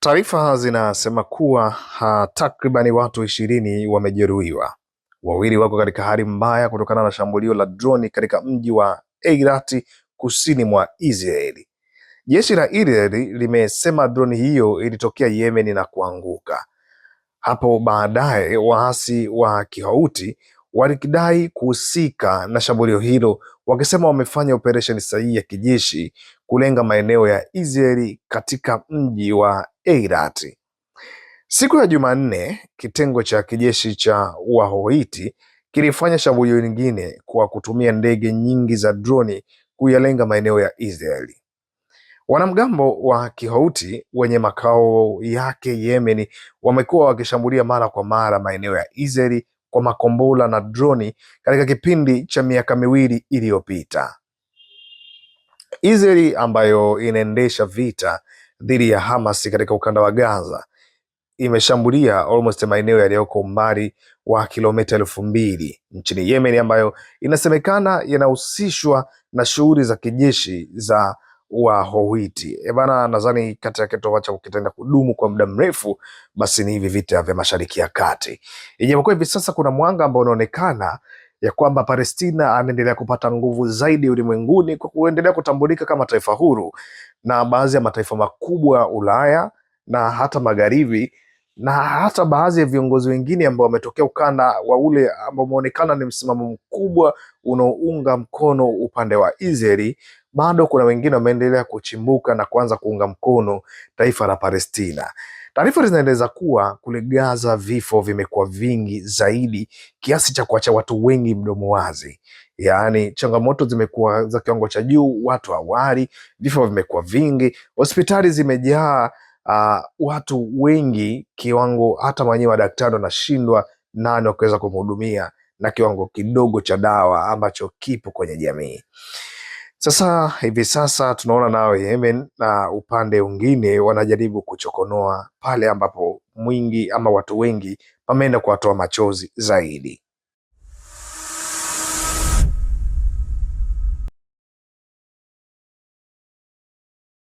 Taarifa zinasema kuwa takribani watu ishirini wamejeruhiwa, wawili wako katika hali mbaya kutokana na shambulio la droni katika mji wa Eilat kusini mwa Israeli. Jeshi la Israeli limesema droni hiyo ilitokea Yemen na kuanguka. Hapo baadaye waasi wa kihauti walikidai kuhusika na shambulio hilo wakisema wamefanya operesheni sahihi ya kijeshi kulenga maeneo ya Israeli katika mji wa Eilat. Siku ya Jumanne, kitengo cha kijeshi cha Wahoiti kilifanya shambulio lingine kwa kutumia ndege nyingi za droni kuyalenga maeneo ya Israeli. Wanamgambo wa kihouti wenye makao yake Yemeni wamekuwa wakishambulia mara kwa mara maeneo ya Israeli kwa makombora na droni katika kipindi cha miaka miwili iliyopita. Israeli ambayo inaendesha vita dhidi ya Hamas katika ukanda wa Gaza imeshambulia almost maeneo yaliyoko umbali wa kilomita elfu mbili nchini Yemen ambayo inasemekana yanahusishwa na shughuli za kijeshi za wa Howiti. E bana, nadhani kati ya kitu ambacho kitaenda kudumu kwa muda mrefu basi ni hivi vita vya Mashariki ya Kati, ijapokuwa hivi sasa kuna mwanga ambao unaonekana ya kwamba Palestina anaendelea kupata nguvu zaidi ulimwenguni kwa kuendelea kutambulika kama taifa huru na baadhi ya mataifa makubwa Ulaya na hata magharibi na hata baadhi ya viongozi wengine ambao wametokea ukanda wa ule ambao umeonekana ni msimamo mkubwa unaounga mkono upande wa Israeli bado kuna wengine wameendelea kuchimbuka na kuanza kuunga mkono taifa la Palestina. Taarifa zinaeleza kuwa kule Gaza vifo vimekuwa vingi zaidi kiasi cha kuacha watu wengi mdomo wazi. Yaani, changamoto zimekuwa za kiwango cha juu, watu awali vifo vimekuwa vingi, hospitali zimejaa, uh, watu wengi kiwango hata mwenyewe madaktari wanashindwa nani wakiweza kumhudumia na kiwango kidogo cha dawa ambacho kipo kwenye jamii. Sasa hivi sasa tunaona nao Yemen na upande mwingine wanajaribu kuchokonoa pale ambapo mwingi ama watu wengi wameenda kuwatoa machozi zaidi.